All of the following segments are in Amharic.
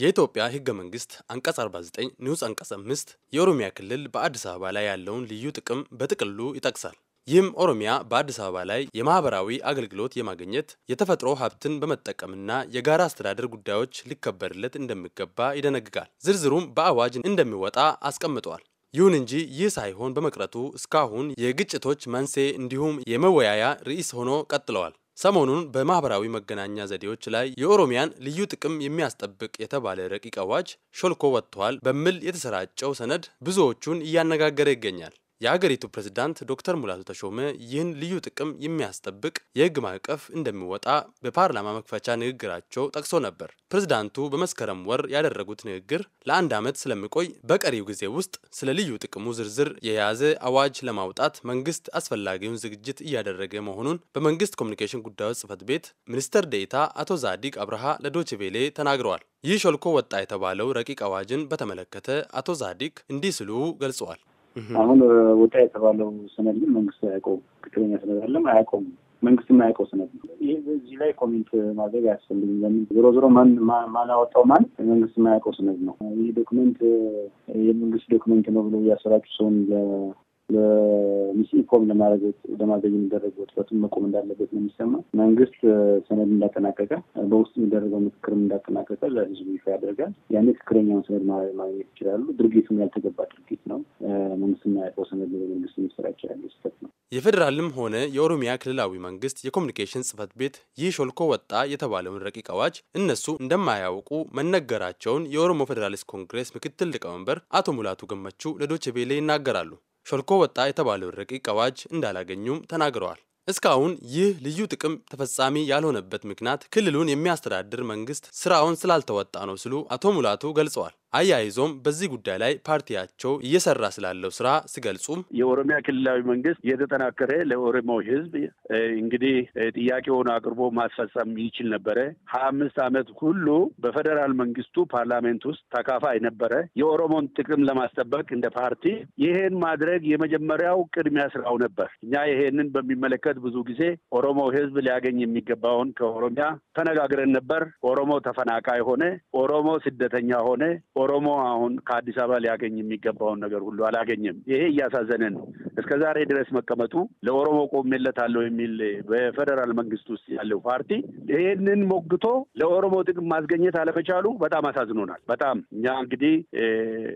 የኢትዮጵያ ህገ መንግስት አንቀጽ 49 ንዑስ አንቀጽ 5 የኦሮሚያ ክልል በአዲስ አበባ ላይ ያለውን ልዩ ጥቅም በጥቅሉ ይጠቅሳል። ይህም ኦሮሚያ በአዲስ አበባ ላይ የማህበራዊ አገልግሎት የማግኘት የተፈጥሮ ሀብትን በመጠቀምና የጋራ አስተዳደር ጉዳዮች ሊከበርለት እንደሚገባ ይደነግጋል። ዝርዝሩም በአዋጅ እንደሚወጣ አስቀምጠዋል። ይሁን እንጂ ይህ ሳይሆን በመቅረቱ እስካሁን የግጭቶች መንስኤ እንዲሁም የመወያያ ርዕስ ሆኖ ቀጥለዋል። ሰሞኑን በማህበራዊ መገናኛ ዘዴዎች ላይ የኦሮሚያን ልዩ ጥቅም የሚያስጠብቅ የተባለ ረቂቅ አዋጅ ሾልኮ ወጥቷል በሚል የተሰራጨው ሰነድ ብዙዎቹን እያነጋገረ ይገኛል። የአገሪቱ ፕሬዝዳንት ዶክተር ሙላቱ ተሾመ ይህን ልዩ ጥቅም የሚያስጠብቅ የህግ ማዕቀፍ እንደሚወጣ በፓርላማ መክፈቻ ንግግራቸው ጠቅሶ ነበር። ፕሬዝዳንቱ በመስከረም ወር ያደረጉት ንግግር ለአንድ ዓመት ስለሚቆይ በቀሪው ጊዜ ውስጥ ስለ ልዩ ጥቅሙ ዝርዝር የያዘ አዋጅ ለማውጣት መንግስት አስፈላጊውን ዝግጅት እያደረገ መሆኑን በመንግስት ኮሚኒኬሽን ጉዳዮች ጽህፈት ቤት ሚኒስትር ዴኤታ አቶ ዛዲግ አብርሃ ለዶችቬሌ ተናግረዋል። ይህ ሾልኮ ወጣ የተባለው ረቂቅ አዋጅን በተመለከተ አቶ ዛዲግ እንዲህ ስሉ ገልጸዋል። አሁን ወጣ የተባለው ሰነድ ግን መንግስት አያውቀውም። ትክክለኛ ሰነድ አለም አያውቀውም። መንግስት የማያውቀው ሰነድ ነው። ይህ በዚህ ላይ ኮሜንት ማድረግ አያስፈልግም። ለምን ዞሮ ዞሮ ማን ማን መንግስት የማያውቀው ሰነድ ነው። ይህ ዶክመንት የመንግስት ዶክመንት ነው ብሎ እያሰራችሁ ሰውን ለሚስኢኮም ለማድረግ ለማድረግ የሚደረግ ወጥፈቱን መቆም እንዳለበት ነው የሚሰማ። መንግስት ሰነድ እንዳጠናቀቀ በውስጥ የሚደረገው ምክክር እንዳጠናቀቀ ለህዝቡ ይፋ ያደርጋል። ያኔ ትክክለኛውን ሰነድ ማግኘት ይችላሉ። ድርጊቱም ያልተገባ ድርጊት ነው። መንግስት ያቀው ሰነድ መንግስት የሚሰራቸው ያለ ስህተት ነው። የፌዴራልም ሆነ የኦሮሚያ ክልላዊ መንግስት የኮሚኒኬሽን ጽህፈት ቤት ይህ ሾልኮ ወጣ የተባለውን ረቂቅ አዋጅ እነሱ እንደማያውቁ መነገራቸውን የኦሮሞ ፌዴራሊስት ኮንግሬስ ምክትል ሊቀመንበር አቶ ሙላቱ ገመቹ ለዶቼ ይናገራሉ። ሾልኮ ወጣ የተባለውን ረቂቅ አዋጅ እንዳላገኙም ተናግረዋል። እስካሁን ይህ ልዩ ጥቅም ተፈጻሚ ያልሆነበት ምክንያት ክልሉን የሚያስተዳድር መንግስት ስራውን ስላልተወጣ ነው ሲሉ አቶ ሙላቱ ገልጸዋል። አያይዞም በዚህ ጉዳይ ላይ ፓርቲያቸው እየሰራ ስላለው ስራ ሲገልጹም የኦሮሚያ ክልላዊ መንግስት የተጠናከረ ለኦሮሞ ህዝብ እንግዲህ ጥያቄውን አቅርቦ ማስፈጸም ይችል ነበረ። ሀያ አምስት አመት ሁሉ በፌዴራል መንግስቱ ፓርላሜንት ውስጥ ተካፋይ ነበረ። የኦሮሞን ጥቅም ለማስጠበቅ እንደ ፓርቲ ይሄን ማድረግ የመጀመሪያው ቅድሚያ ስራው ነበር። እኛ ይሄንን በሚመለከት ብዙ ጊዜ ኦሮሞ ህዝብ ሊያገኝ የሚገባውን ከኦሮሚያ ተነጋግረን ነበር። ኦሮሞ ተፈናቃይ ሆነ፣ ኦሮሞ ስደተኛ ሆነ ኦሮሞ አሁን ከአዲስ አበባ ሊያገኝ የሚገባውን ነገር ሁሉ አላገኘም። ይሄ እያሳዘነን ነው። እስከ ዛሬ ድረስ መቀመጡ ለኦሮሞ ቆሜለታለሁ የሚል በፌደራል መንግስት ውስጥ ያለው ፓርቲ ይህንን ሞግቶ ለኦሮሞ ጥቅም ማስገኘት አለመቻሉ በጣም አሳዝኖናል። በጣም እኛ እንግዲህ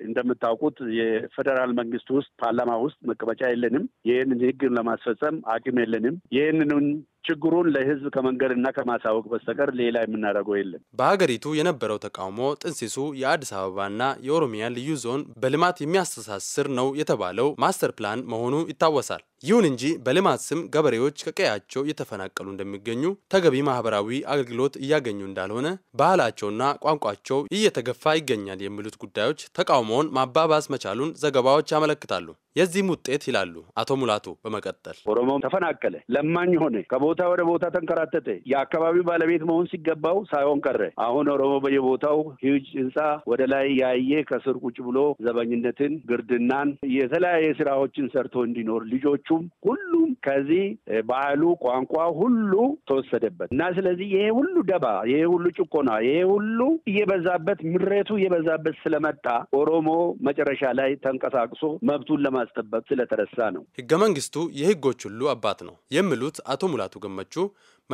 እንደምታውቁት የፌዴራል መንግስት ውስጥ ፓርላማ ውስጥ መቀመጫ የለንም። ይህንን ህግን ለማስፈጸም አቅም የለንም። ይህንንም ችግሩን ለህዝብ ከመንገድና ከማሳወቅ በስተቀር ሌላ የምናደርገው የለም። በሀገሪቱ የነበረው ተቃውሞ ጥንሲሱ የአዲስ አበባና የኦሮሚያ ልዩ ዞን በልማት የሚያስተሳስር ነው የተባለው ማስተር ፕላን መሆኑ ይታወሳል። ይሁን እንጂ በልማት ስም ገበሬዎች ከቀያቸው እየተፈናቀሉ እንደሚገኙ፣ ተገቢ ማህበራዊ አገልግሎት እያገኙ እንዳልሆነ፣ ባህላቸውና ቋንቋቸው እየተገፋ ይገኛል የሚሉት ጉዳዮች ተቃውሞውን ማባባስ መቻሉን ዘገባዎች ያመለክታሉ። የዚህም ውጤት ይላሉ አቶ ሙላቱ በመቀጠል ኦሮሞ ተፈናቀለ፣ ለማኝ ሆነ፣ ከቦታ ወደ ቦታ ተንከራተተ። የአካባቢው ባለቤት መሆን ሲገባው ሳይሆን ቀረ። አሁን ኦሮሞ በየቦታው ሂጅ ህንፃ ወደ ላይ ያየ ከስር ቁጭ ብሎ ዘበኝነትን፣ ግርድናን፣ የተለያየ ስራዎችን ሰርቶ እንዲኖር ልጆቹ ሁለቱም ሁሉም ከዚህ ባህሉ፣ ቋንቋ ሁሉ ተወሰደበት እና ስለዚህ ይሄ ሁሉ ደባ፣ ይሄ ሁሉ ጭቆና፣ ይሄ ሁሉ እየበዛበት ምሬቱ እየበዛበት ስለመጣ ኦሮሞ መጨረሻ ላይ ተንቀሳቅሶ መብቱን ለማስጠበቅ ስለተረሳ ነው። ህገ መንግስቱ የህጎች ሁሉ አባት ነው የሚሉት አቶ ሙላቱ ገመቹ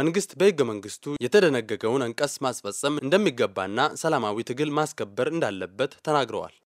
መንግስት በህገ መንግስቱ የተደነገገውን አንቀጽ ማስፈጸም እንደሚገባና ሰላማዊ ትግል ማስከበር እንዳለበት ተናግረዋል።